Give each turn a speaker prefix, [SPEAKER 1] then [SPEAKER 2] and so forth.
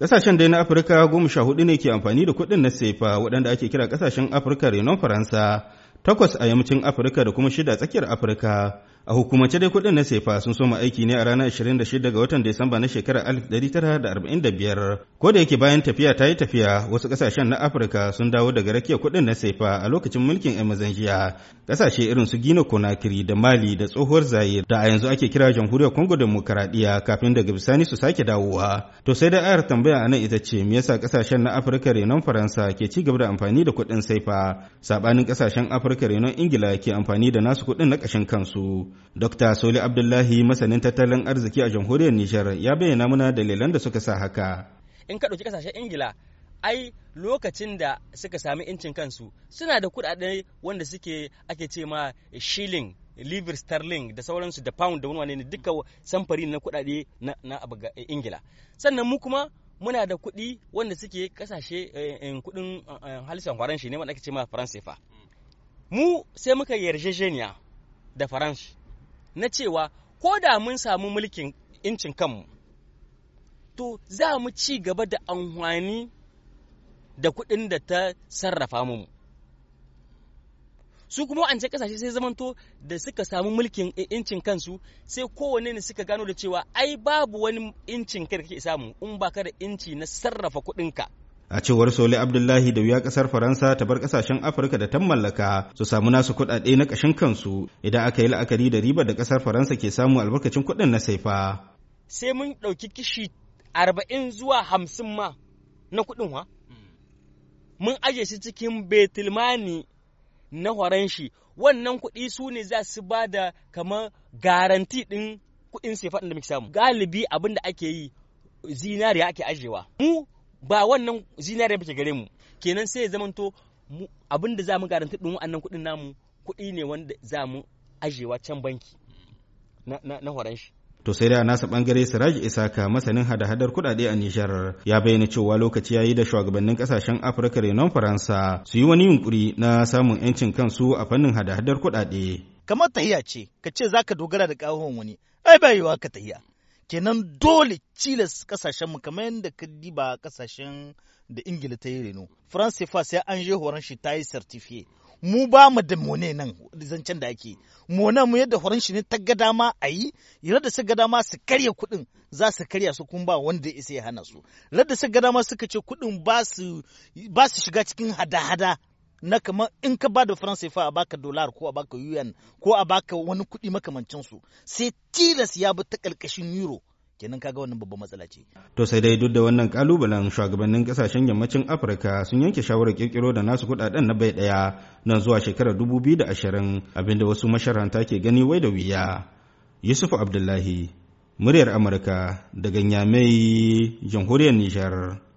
[SPEAKER 1] Ƙasashen dai na Afirka goma sha hudu ne ke amfani da kuɗin na sefa waɗanda ake kira ƙasashen Afirka renon Faransa, takwas a yammacin Afirka da kuma shida tsakiyar Afirka, A hukumance dai kuɗin na sefa sun soma aiki ne a ranar 26 ga watan Disamba na shekarar 1945. Ko da yake bayan tafiya ta yi tafiya wasu ƙasashen na Afirka sun dawo daga rakiyar kuɗin na sefa a lokacin mulkin Emazanjiya. Ƙasashe irin su Gino Conakry da Mali da tsohuwar Zaire da a yanzu ake kira Jamhuriyar Congo Demokaradiyya kafin daga bisani su sake dawowa. To sai da ayar tambaya a nan ita ce me yasa ƙasashen na Afirka renon Faransa ke ci gaba da amfani da kuɗin sefa saɓanin ƙasashen Afirka renon Ingila ke amfani da nasu kuɗin na ƙashin kansu. Dr. Soli Abdullahi masanin tattalin arziki a jamhuriyar Nijar ya bayyana muna dalilan da suka sa haka.
[SPEAKER 2] In ka ɗauki ƙasashen Ingila, ai lokacin da suka sami incin kansu suna da kuɗaɗe wanda suke ake ce ma shilling liver sterling da sauransu da pound da wani wane ne duka samfari na kuɗaɗe na, na eh, ingila sannan mu kuma muna da kuɗi wanda suke kasashe eh, eh, kuɗin halishan faranshi ne wanda ake ce ma faransefa mu sai muka yarjejeniya da faranshi na cewa ko da mun samu mulkin incin kanmu to za mu ci gaba da amfani da kuɗin da ta sarrafa mu su kuma an kasashe sai zamanto da suka samu mulkin incin kansu sai kowane ne suka gano da cewa ai babu wani incin kai da kake samu in ba ka da inci na sarrafa kuɗinka
[SPEAKER 1] a cewar sole abdullahi da wuya kasar faransa ta bar kasashen afirka da ta mallaka su samu nasu kuɗaɗe na ƙashin kansu idan aka yi la'akari da ribar da kasar faransa ke samu albarkacin kuɗin na saifa
[SPEAKER 2] sai mun ɗauki kishi arba'in zuwa hamsin ma na kuɗin wa mun aje shi cikin betulmani na horon wannan kuɗi su ne za su ba da kamar garanti ɗin kuɗin sefa da muke samu galibi abin da ake yi zinariya ake ajewa mu ba wannan zinariya bace gare mu kenan sai ya zamanto abin da za mu garanti ɗin wannan kuɗin namu kuɗi ne wanda za mu ajewa can banki na horon shi
[SPEAKER 1] To sai da a nasa bangare Siraj Isaka masanin hada-hadar kudade a Nijar ya bayyana cewa lokaci yayi da shugabannin kasashen Afirka renon Faransa su yi wani yunkuri na samun 'yancin kansu a fannin hada-hadar kudade.
[SPEAKER 3] Kamar tahiya ce, ka ce zaka dogara da ƙahon wani, ai ba ka tahiya. kenan dole cilas kasashenmu kamar yadda ka diba kasashen da ingila ta yi reno france fa sai an je horon shi ta yi certifiye mu ba mu da mone nan zancen da ake mone mu yadda horon shi ne ta ga ma a yi yadda su gada ma su karya kuɗin za su karya su kun ba wanda isa ya hana su yadda su gada ma suka ce kuɗin ba su shiga cikin hada-hada na kamar in ka ba da faransa fa a baka dolar ko a baka un ko a baka wani kuɗi makamancin su sai tilas ya bi ta ƙarƙashin euro kenan kaga wannan babban matsala ce.
[SPEAKER 1] To sai dai duk da wannan kalubalen shugabannin kasashen yammacin Afirka sun yanke shawarar kirkiro da nasu kuɗaɗen na bai ɗaya nan zuwa shekarar dubu biyu da ashirin, abinda wasu masharanta ke gani wai da wuya. Yusuf Abdullahi, muryar Amurka daga Nyamai, jamhuriyar Nijar.